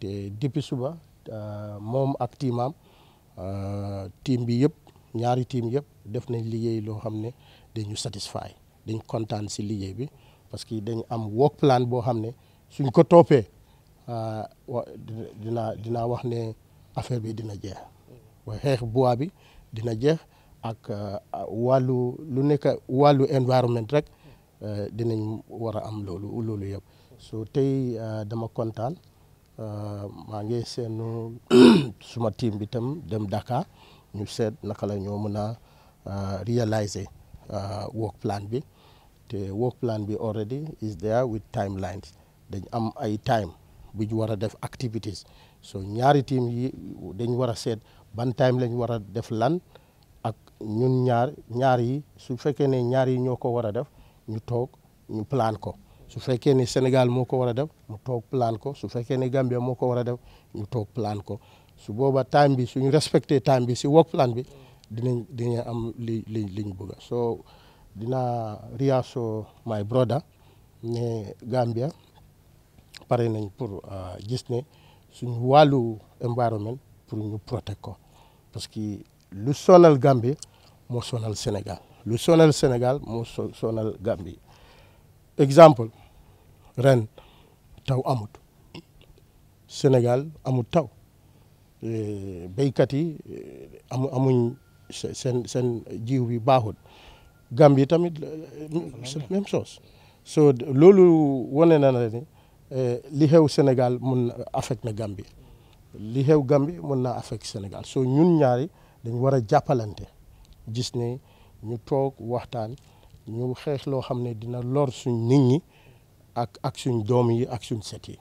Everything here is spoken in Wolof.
te depuis suba euh, moom ak tiimam euh, tiim bi yëpp ñaari tiim yëpp def nañ liggéey loo xam ne dañu satisfay dañ kontaan si liggéey bi parce que dañ am work plan boo xam ne suñ ko toppee euh, wa dina dinaa wax ne affaire bi dina jeex waaye xeex bois bi dina jeex ak wàllu lu nekk wàllu environnement rek dinañ war a am loolu loolu yëpp so tey dama kontaan Euh, maa ngi seen suma team bi tam dem Dakar ñu seet naka la ñoo mën a euh, réaliser euh, work plan bi te work plan bi already is there with timelines dañ am ay time bu ñu war a def activities so ñaari team yi dañ war a seet ban time lañ war a def lan ak ñun ñaar ñaar yi su fekkee ne ñaar yi ñoo ko war a def ñu toog ñu plan ko su fekkee ne Sénégal moo ko war a def mu toog plan ko su fekkee ne Gambia moo ko war a def ñu toog plan ko su boobaa time bi suñu respecté time bi si work plan bi dinañ dinañ am li li liñ bëgg so dinaa riaso my brother ne Gambia pare nañ pour euh, gis ne suñu wàllu environnement pour ñu protect ko parce que lu sonal Gambie moo sonal Sénégal lu sonal Sénégal moo sonal Gambie exemple ren taw amut Sénégal amut taw e, béykat yi e, amu amuñ seen seen jiw bi baaxut Gambie tamit même chose so loolu wane na ne e, li xew Sénégal mun na affect na Gambie li xew Gambie mun naa affect Sénégal so ñun ñaari dañ war a jàppalante gis ne ñu toog waxtaan ñu xeex loo xam ne dina lor suñ nit ñi ak ak suñ doom yi ak suñ set yi